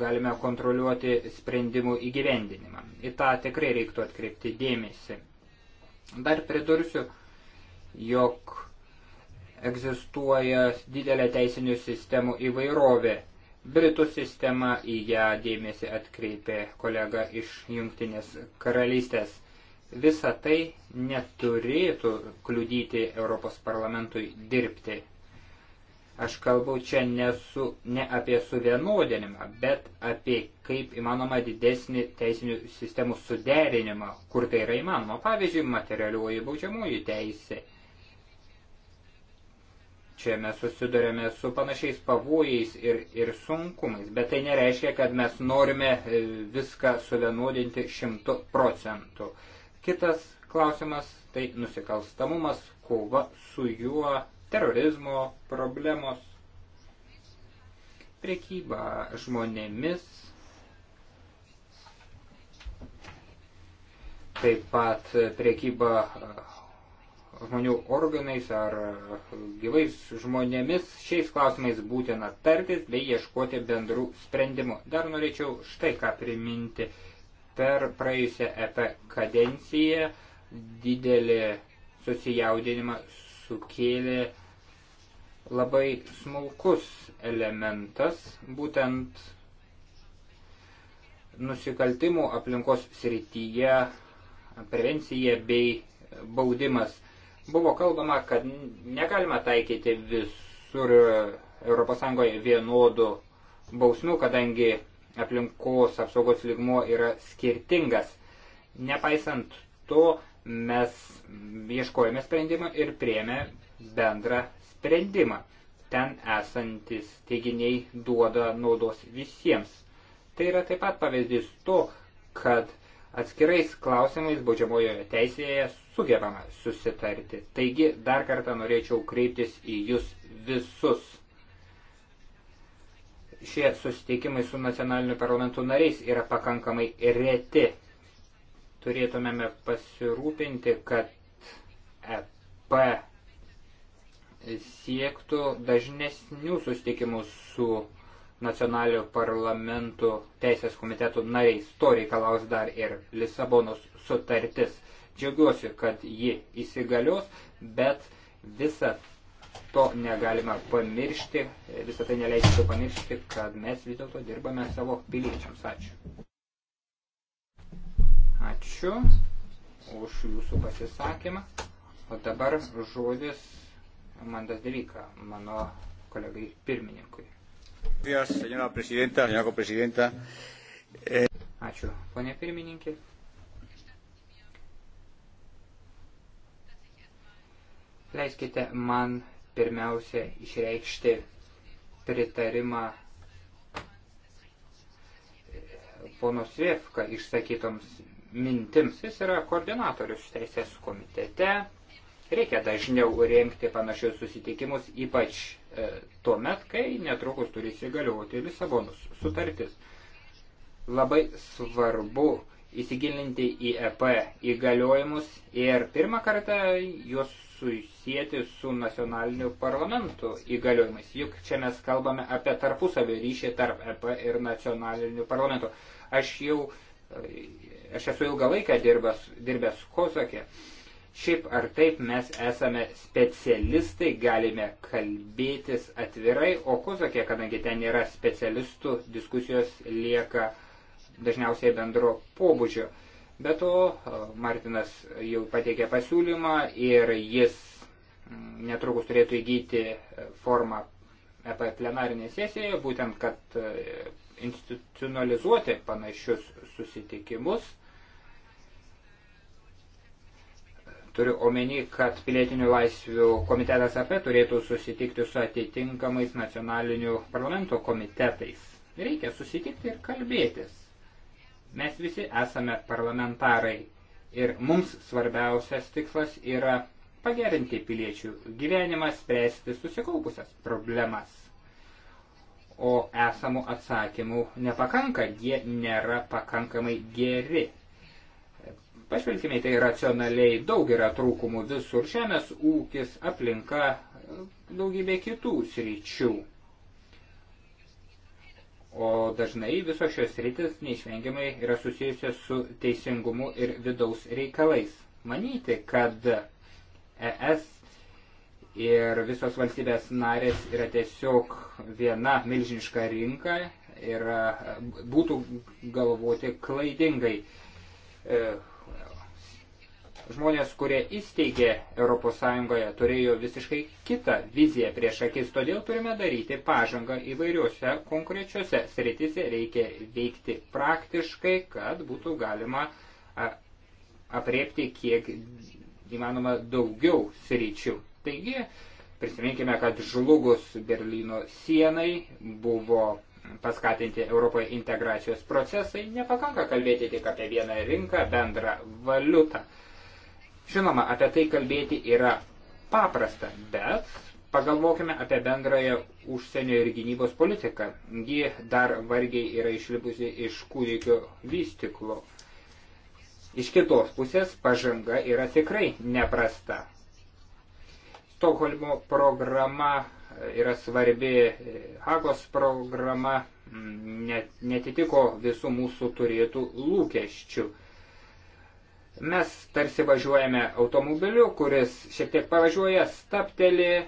galime kontroliuoti sprendimų įgyvendinimą. Į tą tikrai reiktų atkreipti dėmesį. Dar pridursiu, jog egzistuoja didelė teisinių sistemų įvairovė. Britų sistema į ją dėmesį atkreipė kolega iš Junktinės karalystės. Visa tai neturėtų kliudyti Europos parlamentui dirbti. Aš kalbu čia ne, su, ne apie suvienodinimą, bet apie kaip įmanoma didesnį teisinių sistemų suderinimą, kur tai yra įmanoma. Pavyzdžiui, materialiuoji baudžiamoji teisė Čia mes susidurėme su panašiais pavojais ir, ir sunkumais, bet tai nereiškia, kad mes norime e, viską suvienodinti šimtu procentų. Kitas klausimas - tai nusikalstamumas, kova su juo, terorizmo problemos, prekyba žmonėmis, taip pat prekyba žmonių organais ar e, gyvais žmonėmis, šiais klausimais būtina tartis bei ieškoti bendrų sprendimų. Dar norėčiau štai ką priminti. Per praėjusią EP kadenciją didelį susijaudinimą sukėlė labai smulkus elementas, būtent nusikaltimų aplinkos srityje prevencija bei baudimas. Buvo kalbama, kad negalima taikyti visur ES vienodų bausmių, kadangi aplinkos apsaugos lygmo yra skirtingas. Nepaisant to, mes ieškojame sprendimą ir priemė bendrą sprendimą. Ten esantis teiginiai duoda naudos visiems. Tai yra taip pat pavyzdys to, kad atskirais klausimais baudžiamojoje teisėje sugebama susitarti. Taigi dar kartą norėčiau kreiptis į jūs visus. Šie susitikimai su nacionaliniu parlamentu nariais yra pakankamai reti. Turėtumėme pasirūpinti, kad EP siektų dažnesnių susitikimų su nacionalinių parlamentų teisės komitetų nariais. To reikalaus dar ir Lisabonos sutartis. Džiaugiuosi, kad ji įsigalios, bet visą to negalime pamiršti, visą tai neleidžia to pamiršti, kad mes vis dėlto dirbame savo piliečiams. Ačiū. Ačiū už jūsų pasisakymą. O dabar žodis Mandas Delyka, mano kolegai pirmininkui. Eh, Ačiū, ponė pirmininkė. Leiskite man pirmiausia išreikšti pritarimą pono Svievka išsakytoms mintims. Jis yra koordinatorius teisės komitete. Reikia dažniau rengti panašius susitikimus, ypač e, tuo met, kai netrukus turi įsigalioti Lisabonus sutartis. Labai svarbu įsigilinti į EP įgaliojimus ir pirmą kartą juos susijęti su nacionaliniu parlamentu įgaliojimais. Juk čia mes kalbame apie tarpusavį ryšį tarp EP ir nacionalinių parlamentų. Aš jau, aš esu ilgą laiką dirbęs, dirbęs Kozakė. Šiaip ar taip mes esame specialistai, galime kalbėtis atvirai, o Kozakė, kadangi ten nėra specialistų, diskusijos lieka dažniausiai bendro pobūdžio. Be to, Martinas jau pateikė pasiūlymą ir jis mm, netrukus turėtų įgyti e, formą EP plenarinė sesija, būtent kad e, institucionalizuoti panašius susitikimus. Turiu omeny, kad pilietinių laisvių komitetas AP e turėtų susitikti su atitinkamais nacionalinių parlamento komitetais. Reikia susitikti ir kalbėtis. Mes visi esame parlamentarai ir mums svarbiausias tikslas yra pagerinti piliečių gyvenimą, spręsti susikaupusias problemas. O esamų atsakymų nepakanka, jie nėra pakankamai geri. Pažvelkime tai racionaliai, daug yra trūkumų visur, žemės ūkis, aplinka, daugybė kitų sričių. O dažnai visos šios rytis neišvengiamai yra susijusios su teisingumu ir vidaus reikalais. Manyti, kad ES ir visos valstybės narės yra tiesiog viena milžiniška rinka ir būtų galvoti klaidingai. E, žmonės, kurie įsteigė ES, turėjo visiškai kitą viziją prieš akis, todėl turime daryti pažangą įvairiuose konkrečiuose sritise, reikia veikti praktiškai, kad būtų galima apriepti kiek įmanoma daugiau sričių. Taigi, prisiminkime, kad žlugus Berlyno sienai buvo paskatinti Europoje integracijos procesai, nepakanka kalbėti tik apie vieną rinką, bendrą valiutą. Žinoma, apie tai kalbėti yra paprasta, bet pagalvokime apie bendrąją užsienio ir gynybos politiką. Ji dar vargiai yra išlipusi iš kūdikio vystiklo. Iš kitos pusės pažanga yra tikrai neprasta. Stokholmo programa yra svarbi, Hagos programa netitiko visų mūsų turėtų lūkesčių. Mes tarsi važiuojame automobiliu, kuris šiek tiek pavažiuoja, stapteli,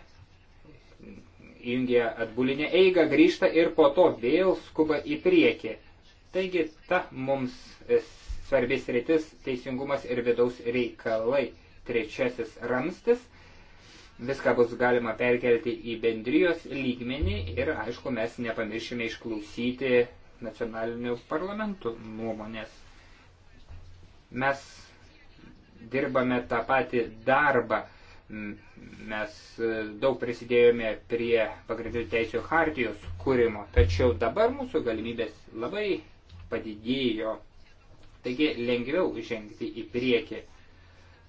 jungia atbulinę eigą, grįžta ir po to vėl skuba į priekį. Taigi ta mums svarbis rytis teisingumas ir vidaus reikalai. Trečiasis ramstis. Viską bus galima perkelti į bendrijos lygmenį ir, aišku, mes nepamiršime išklausyti nacionalinių parlamentų nuomonės. Mes dirbame tą patį darbą. Mes e, daug prisidėjome prie pagrindinių teisų hartijos kūrimo, tačiau dabar mūsų galimybės labai padidėjo. Taigi lengviau žengti į priekį.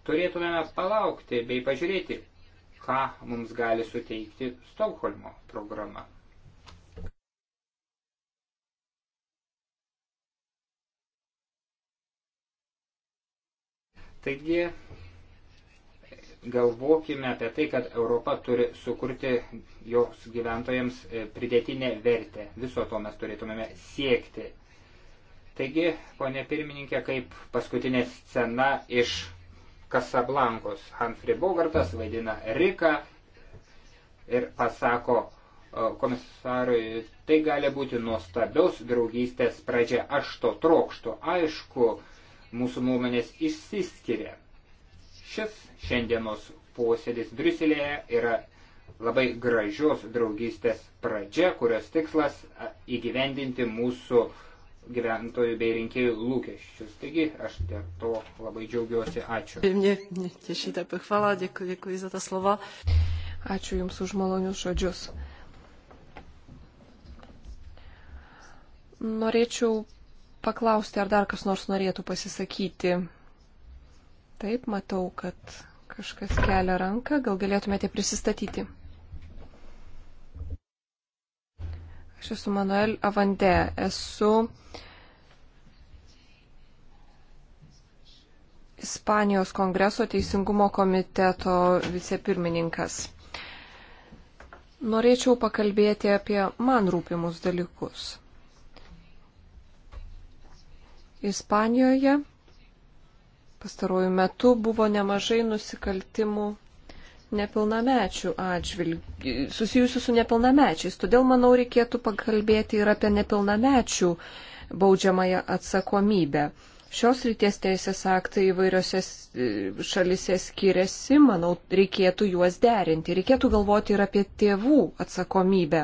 Turėtumėme palaukti bei pažiūrėti, ką mums gali suteikti Stokholmo programa. Taigi, galvokime apie tai, kad Europa turi sukurti jos gyventojams e, pridėtinę vertę. Viso to mes turėtumėme siekti. Taigi, ponė pirmininkė, kaip paskutinė scena iš Kasablankos. Humphrey Bogartas vaidina Riką ir pasako komisarui, tai gali būti nuostabios draugystės pradžia. Aš to trokštu. Aišku, mūsų nuomonės išsiskiria. Šis šiandienos posėdis Briuselėje yra labai gražios draugystės pradžia, kurios tikslas įgyvendinti mūsų gyventojų bei rinkėjų lūkesčius. Taigi aš dėl to labai džiaugiuosi. Ačiū. Ačiū Jums už malonius žodžius. Norėčiau paklausti, ar dar kas nors norėtų pasisakyti. Taip, matau, kad kažkas kelia ranką. Gal galėtumėte prisistatyti? Aš esu Manuel Avande. Esu Ispanijos kongreso teisingumo komiteto vicepirmininkas. Norėčiau pakalbėti apie man rūpimus dalykus. Ispanijoje pastarojų metų buvo nemažai nusikaltimų nepilnamečių atžvilgių, susijusių su nepilnamečiais. Todėl, manau, reikėtų pakalbėti ir apie nepilnamečių baudžiamąją atsakomybę. Šios ryties teisės aktai įvairiose e, šalise skiriasi, manau, reikėtų juos derinti. Reikėtų galvoti ir apie tėvų atsakomybę.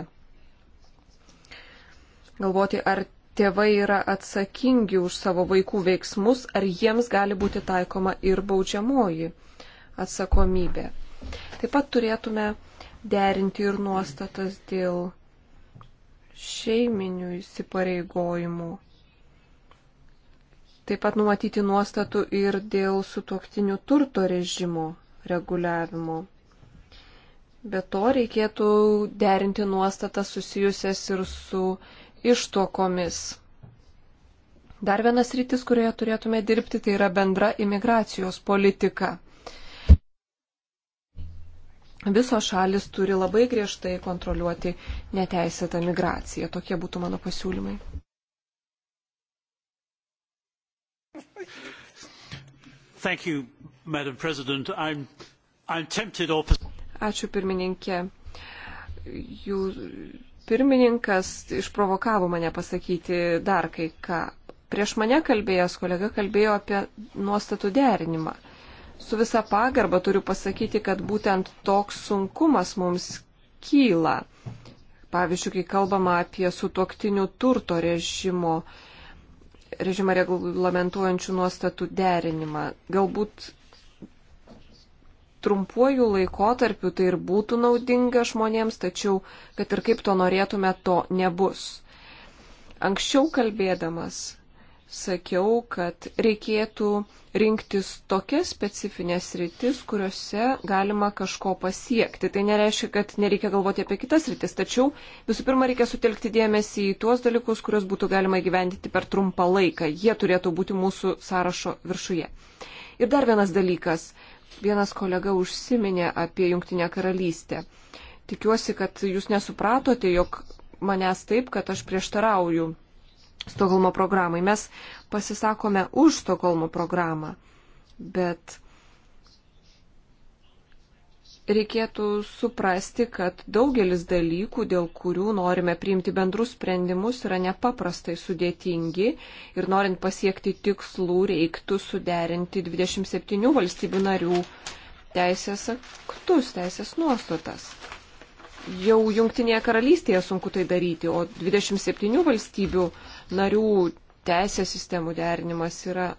Galvoti, ar tėvai yra atsakingi už savo vaikų veiksmus, ar jiems gali būti taikoma ir baudžiamoji atsakomybė. Taip pat turėtume derinti ir nuostatas dėl šeiminių įsipareigojimų. Taip pat numatyti nuostatų ir dėl sutoktinių turto režimo reguliavimo. Be to reikėtų derinti nuostatas susijusias ir su ištuokomis. Dar vienas rytis, kurioje turėtume dirbti, tai yra bendra imigracijos politika. Visos šalis turi labai griežtai kontroliuoti neteisėtą migraciją. Tokie būtų mano pasiūlymai. Thank you, Madam President. I'm, I'm tempted opposite. Ačiū pirmininkė. Jų pirmininkas išprovokavo mane pasakyti dar kai ką. Prieš mane kalbėjęs kolega kalbėjo apie nuostatų derinimą. Su visa pagarba turiu pasakyti, kad būtent toks sunkumas mums kyla. Pavyzdžiui, kai kalbama apie sutoktinių turto režimo, režimą reglamentuojančių nuostatų derinimą. Galbūt trumpuoju laikotarpiu tai ir būtų naudinga žmonėms, tačiau, kad ir kaip to norėtume, to nebus. Anksčiau kalbėdamas sakiau, kad reikėtų rinktis tokias specifines rytis, kuriuose galima kažko pasiekti. Tai nereiškia, kad nereikia galvoti apie kitas rytis, tačiau visų pirma reikia sutelkti dėmesį į tuos dalykus, kuriuos būtų galima gyventi per trumpą laiką. Jie turėtų būti mūsų sąrašo viršuje. Ir dar vienas dalykas vienas kolega užsiminė apie Junktinę karalystę. Tikiuosi, kad jūs nesupratote, jog manęs taip, kad aš prieštarauju Stokholmo programai. Mes pasisakome už Stokholmo programą, bet reikėtų suprasti, kad daugelis dalykų, dėl kurių norime priimti bendrus sprendimus, yra nepaprastai sudėtingi ir norint pasiekti tikslų reiktų suderinti 27 valstybių narių teisės aktus, teisės nuostatas. Jau Junktinėje karalystėje sunku tai daryti, o 27 valstybių narių teisės sistemų derinimas yra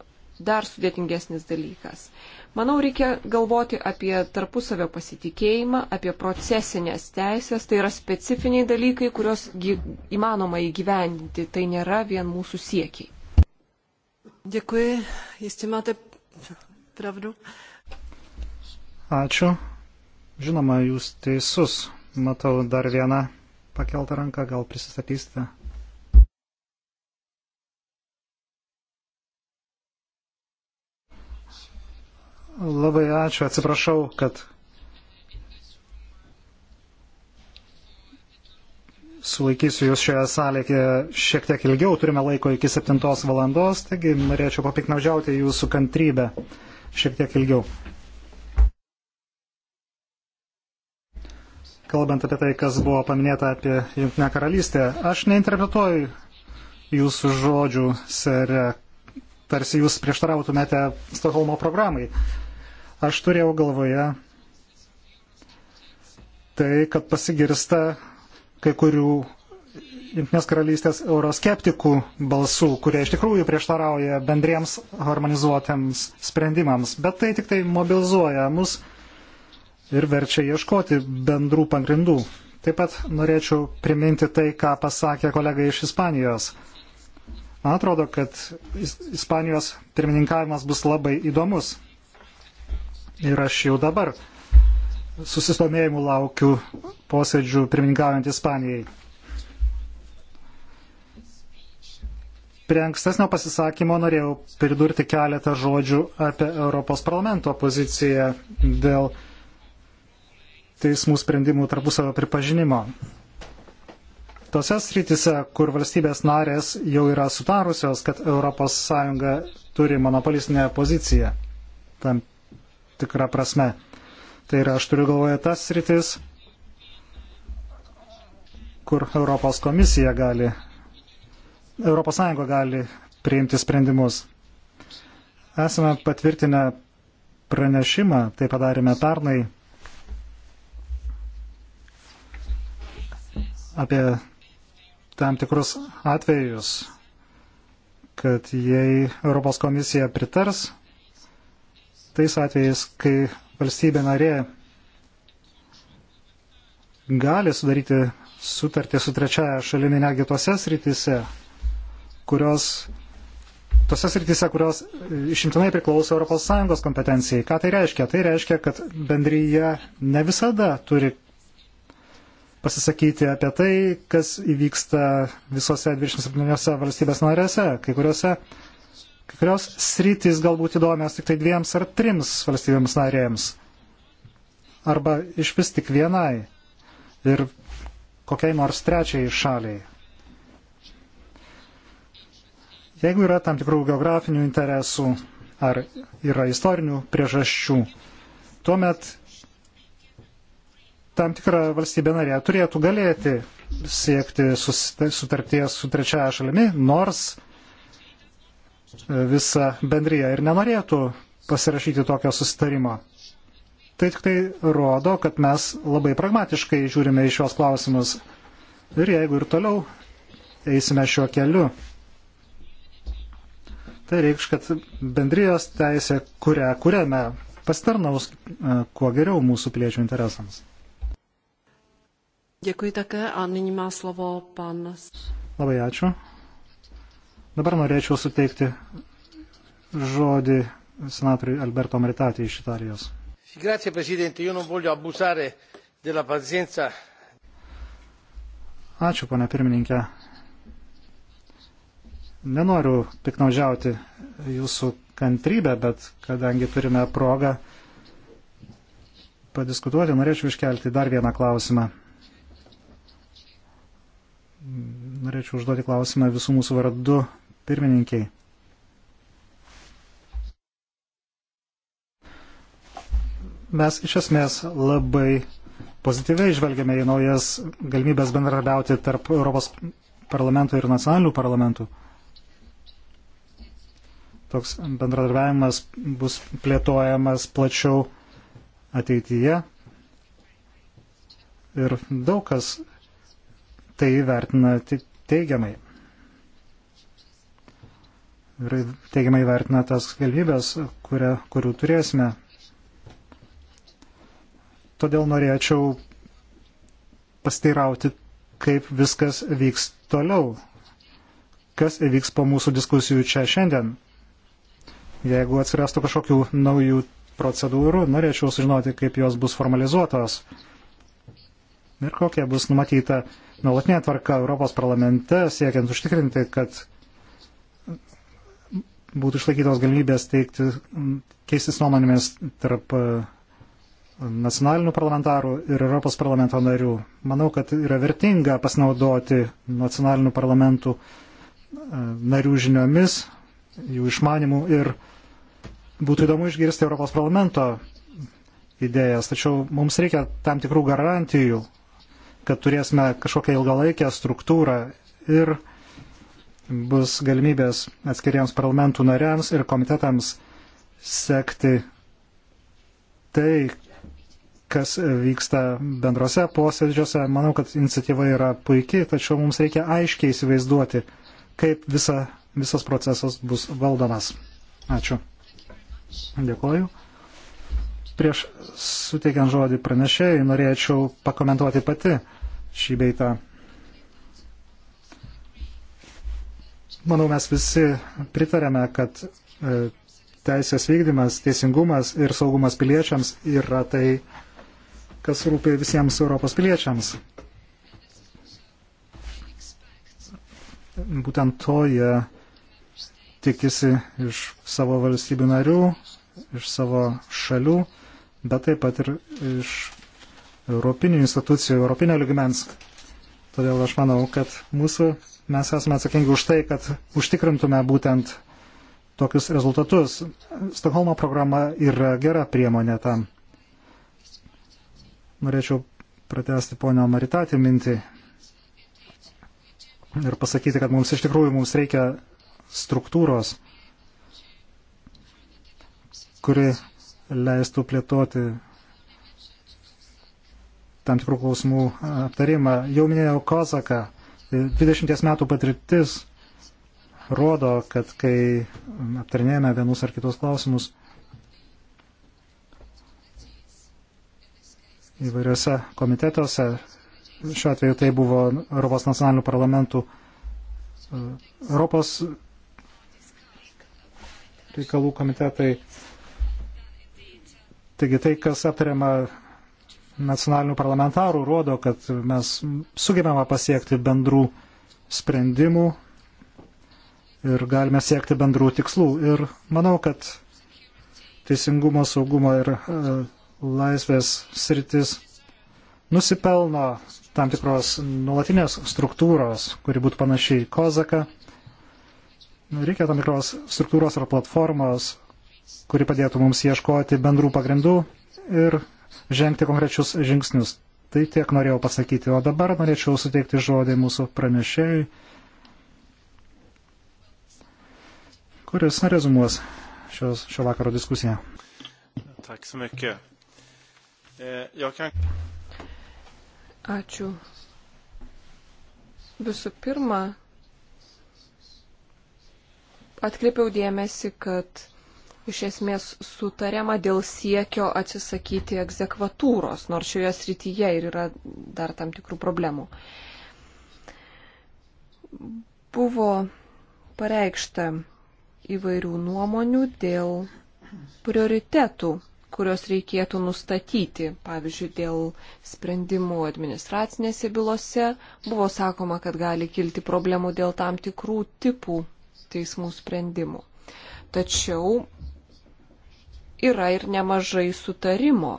dar sudėtingesnis dalykas. Manau, reikia galvoti apie tarpusavio pasitikėjimą, apie procesinės teisės. Tai yra specifiniai dalykai, kuriuos įmanoma įgyvendinti. Tai nėra vien mūsų siekiai. Dėkui, jūs matote pravdu. Ačiū. Žinoma, jūs teisus. Matau dar vieną pakeltą ranką, gal prisistatysite. Labai ačiū, atsiprašau, kad sulaikysiu jūs šioje salėje šiek tiek ilgiau, turime laiko iki 7 valandos, taigi norėčiau papiknaudžiauti jūsų kantrybę šiek tiek ilgiau. Kalbant apie tai, kas buvo paminėta apie Junktinę karalystę, aš neinterpretuoju jūsų žodžių, sere, tarsi jūs prieštarautumėte Stokholmo programai. Aš turėjau galvoje tai, kad pasigirsta kai kurių Junktinės karalystės euroskeptikų balsų, kurie iš tikrųjų prieštarauja bendriems harmonizuotiems sprendimams. Bet tai tik tai mobilizuoja mus ir verčia ieškoti bendrų pagrindų. Taip pat norėčiau priminti tai, ką pasakė kolega iš Ispanijos. Man atrodo, kad Ispanijos pirmininkavimas bus labai įdomus. Ir aš jau dabar susistomėjimu laukiu posėdžių pirmininkaujant Ispanijai. Prie ankstesnio pasisakymo norėjau pridurti keletą žodžių apie Europos parlamento poziciją dėl teismų sprendimų tarpusavio pripažinimo. Tose srityse, kur valstybės narės jau yra sutarusios, kad ES turi monopolistinę poziciją tam tikrą prasme. Tai yra, aš turiu galvoje tas rytis, kur Europos komisija gali, Europos Sąjunga gali priimti sprendimus. Esame patvirtinę pranešimą, tai padarėme pernai, apie tam tikrus atvejus, kad jei Europos komisija pritars tais atvejais, kai valstybė narė gali sudaryti sutartį su trečiaja šalimi netgi tose srityse, kurios, tose srityse, kurios e, išimtinai priklauso ES kompetencijai. Ką tai reiškia? Tai reiškia, kad bendryje ne visada turi pasisakyti apie tai, kas įvyksta visose 27 valstybės narėse. Kai kuriuose Kai kurios sritys galbūt įdomios tik tai dviems ar trims valstybėms narėms. Arba iš vis tik vienai. Ir kokiai nors trečiai šaliai. Jeigu yra tam tikrų geografinių interesų ar yra istorinių priežasčių, tuomet tam tikra valstybė narė turėtų galėti siekti sutarties su trečiaja šalimi, nors visą bendryją ir nenorėtų pasirašyti tokio susitarimo. Tai tik tai rodo, kad mes labai pragmatiškai žiūrime į šios klausimus. Ir jeigu ir toliau eisime šiuo keliu, tai reikš, kad bendrijos teisė, kurią kuriame, pasitarnaus e, kuo geriau mūsų piliečių interesams. Děkuji také a nyní má slovo pan. Labai ačiū. Dabar norėčiau suteikti žodį senatoriui Alberto Maritati iš Italijos. Grazie, Presidente. Io non voglio abusare della pazienza. Ačiū, ponia pirmininkė. Nenoriu piknaudžiauti jūsų kantrybę, bet kadangi turime progą padiskutuoti, norėčiau iškelti dar vieną klausimą. Norėčiau užduoti klausimą visų mūsų vardu pirmininkiai. Mes iš esmės labai pozityviai žvelgiame į naujas galimybės bendradarbiauti tarp Europos parlamento ir nacionalinių parlamentų. Toks bendradarbiavimas bus plėtojamas plačiau ateityje. Ir daug kas tai vertina teigiamai ir teigiamai vertina tas galimybės, kuria, kurių turėsime. Todėl norėčiau pasteirauti, kaip viskas vyks toliau, kas įvyks po mūsų diskusijų čia šiandien. Jeigu atsirastų kažkokių naujų procedūrų, norėčiau sužinoti, kaip jos bus formalizuotos ir kokia bus numatyta nuolatinė tvarka Europos parlamente, siekiant užtikrinti, kad būtų išlaikytos galimybės teikti, keistis nuomonėmis tarp e, nacionalinių parlamentarų ir Europos parlamento narių. Manau, kad yra vertinga pasinaudoti nacionalinių parlamentų e, narių žiniomis, jų išmanimu ir būtų įdomu išgirsti Europos parlamento idėjas. Tačiau mums reikia tam tikrų garantijų, kad turėsime kažkokią ilgalaikę struktūrą ir uh, bus galimybės atskiriems parlamentų nariams ir komitetams sekti tai, kas vyksta bendrose posėdžiuose. Manau, kad iniciatyva yra puikiai, tačiau mums reikia aiškiai įsivaizduoti, kaip visa, visas procesas bus valdomas. Ačiū. Dėkoju. Prieš suteikiant žodį pranešėjai, norėčiau pakomentuoti pati šį beitą manau, mes visi pritarėme, kad e, teisės vykdymas, teisingumas ir saugumas piliečiams yra tai, kas rūpi visiems Europos piliečiams. Būtent to jie tikisi iš savo valstybių narių, iš savo šalių, bet taip pat ir iš europinių institucijų, europinio ligmens. Todėl aš manau, kad mūsų, mes esame atsakingi už tai, kad užtikrintume būtent tokius rezultatus. Stokholmo programa yra gera priemonė tam. Norėčiau pratesti ponio Maritatį mintį ir pasakyti, kad mums iš tikrųjų mums reikia struktūros, kuri leistų plėtoti tam tikrų klausimų aptarimą. Jau minėjau Kozaką. 20 e, metų patirtis rodo, kad kai aptarinėjame vienus ar kitus klausimus įvairiose komitetuose, šiuo atveju tai buvo Europos nacionalinių parlamentų, e, Europos reikalų komitetai. Taigi tai, kas aptariama nacionalinių parlamentarų rodo, kad mes sugebame pasiekti bendrų sprendimų ir galime siekti bendrų tikslų. Ir manau, kad teisingumo, saugumo ir e, laisvės sritis nusipelno tam tikros nulatinės struktūros, kuri būtų panašiai į Kozaką. Reikia tam tikros struktūros ar platformos, kuri padėtų mums ieškoti bendrų pagrindų ir žengti konkrečius žingsnius. Tai tiek norėjau pasakyti, o dabar norėčiau suteikti žodį mūsų pranešėjui, kuris rezumuos šios, šio vakaro diskusiją. Eh, Ačiū. Visų pirma, atkreipiau dėmesį, kad iš esmės sutarėma dėl siekio atsisakyti egzekvatūros, nors šioje srityje ir yra dar tam tikrų problemų. Buvo pareikšta įvairių nuomonių dėl prioritetų, kurios reikėtų nustatyti, pavyzdžiui, dėl sprendimų administracinėse bylose. Buvo sakoma, kad gali kilti problemų dėl tam tikrų tipų teismų sprendimų. Tačiau yra ir nemažai sutarimo.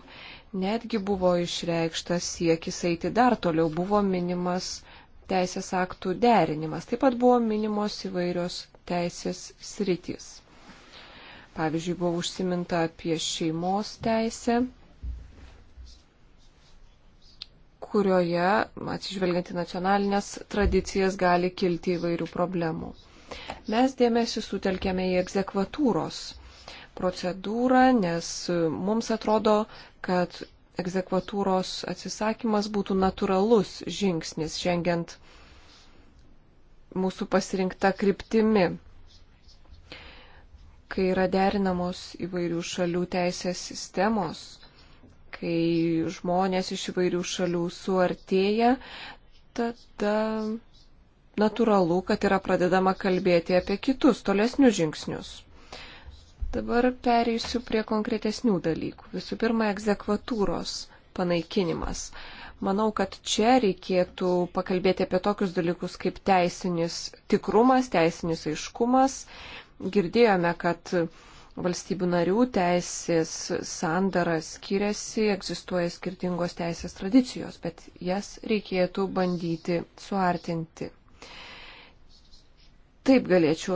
Netgi buvo išreikštas siekis eiti dar toliau, buvo minimas teisės aktų derinimas, taip pat buvo minimos įvairios teisės sritys. Pavyzdžiui, buvo užsiminta apie šeimos teisę, kurioje, atsižvelgiant į nacionalinės tradicijas, gali kilti įvairių problemų. Mes dėmesį sutelkėme į egzekvatūros procedūrą, nes mums atrodo, kad egzekvatūros atsisakymas būtų natūralus žingsnis žengiant mūsų pasirinktą kryptimi, kai yra derinamos įvairių šalių teisės sistemos, kai žmonės iš įvairių šalių suartėja, tada natūralu, kad yra pradedama kalbėti apie kitus tolesnius žingsnius. Dabar pereisiu prie konkretesnių dalykų. Visų pirma, egzekvatūros panaikinimas. Manau, kad čia reikėtų pakalbėti apie tokius dalykus kaip teisinis tikrumas, teisinis aiškumas. Girdėjome, kad valstybių narių teisės sandara skiriasi, egzistuoja skirtingos teisės tradicijos, bet jas reikėtų bandyti suartinti. Taip galėčiau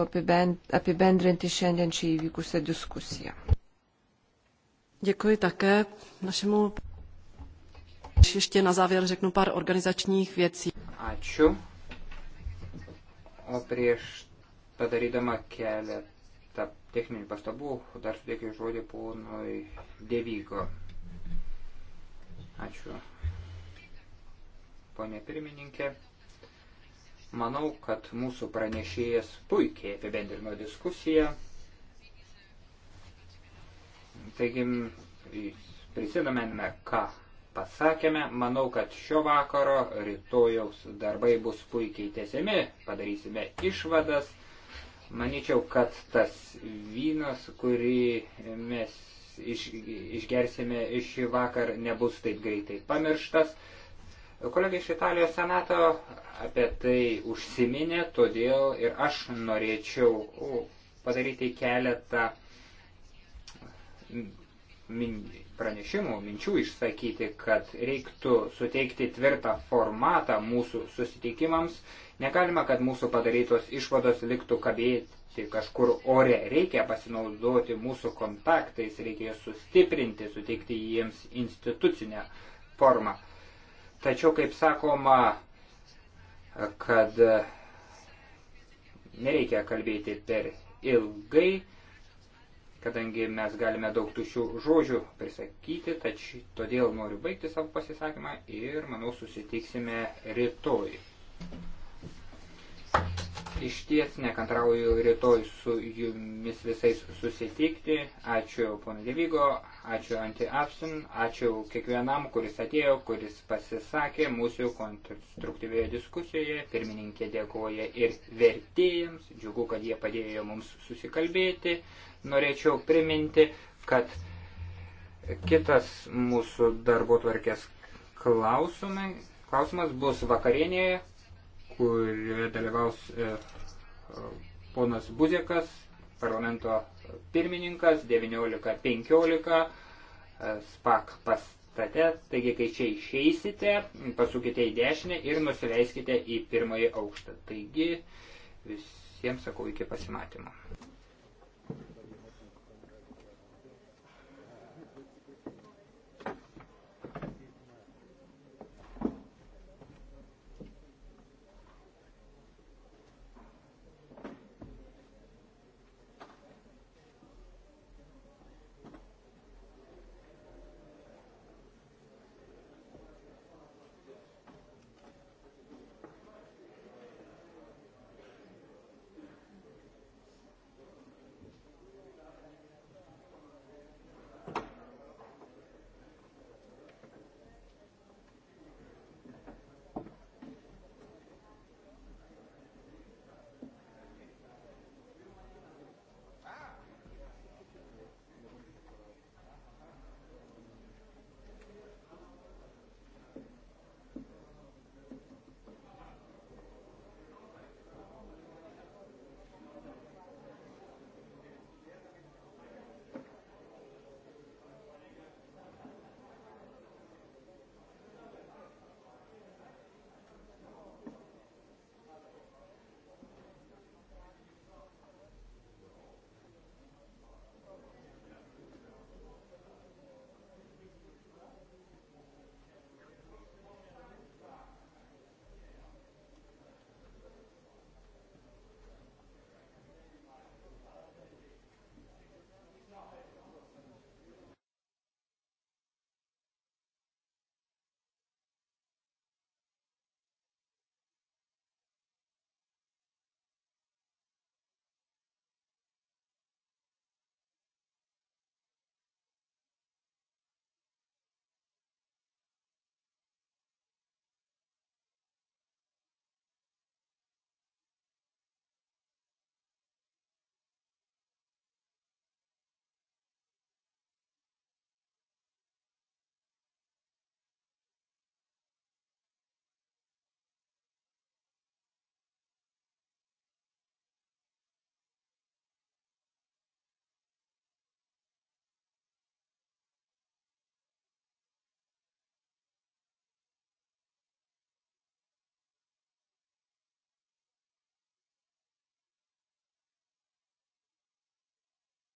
apibendrinti šiandien čia įvykusią diskusiją. Děkuji také našemu. Ještě na závěr řeknu pár organizačních věcí. Ačiū. O prieš padarydama keletą techninių pastabų, dar sudėkiu žodį ponui Devygo. Ačiū. Pone pirmininkė. Manau, kad mūsų pranešėjas puikiai apibendrino diskusiją. Taigi, prisimename, ką pasakėme. Manau, kad šio vakaro, rytojaus darbai bus puikiai tesiami, padarysime išvadas. Maničiau, kad tas vynas, kurį mes iš, išgersime šį vakar, nebus taip greitai pamirštas. Kolegai iš Italijos senato apie tai užsiminė, todėl ir aš norėčiau padaryti keletą min, pranešimų, minčių išsakyti, kad reiktų suteikti tvirtą formatą mūsų susitikimams. Negalima, kad mūsų padarytos išvados liktų kabėti kažkur ore. Reikia pasinaudoti mūsų kontaktais, reikia juos sustiprinti, suteikti jiems institucinę formą. Tačiau, kaip sakoma, kad nereikia kalbėti per ilgai, kadangi mes galime daug tušių žodžių prisakyti, tačiau todėl noriu baigti savo pasisakymą ir, manau, susitiksime rytoj iš ties nekantrauju rytoj su jumis visais susitikti. Ačiū ponui Devygo, ačiū Anti Apsin, ačiū kiekvienam, kuris atėjo, kuris pasisakė mūsų konstruktyvioje diskusijoje. Pirmininkė dėkoja ir vertėjams. Džiugu, kad jie padėjo mums susikalbėti. Norėčiau priminti, kad kitas mūsų darbo tvarkės klausimai, klausimas bus vakarienėje kurioje dalyvaus e, ponas Buzekas, parlamento pirmininkas, 19.15 e, SPAK pastate. Taigi, kai čia išeisite, pasukite į dešinę ir nusileiskite į pirmąjį aukštą. Taigi, visiems sakau iki pasimatymo.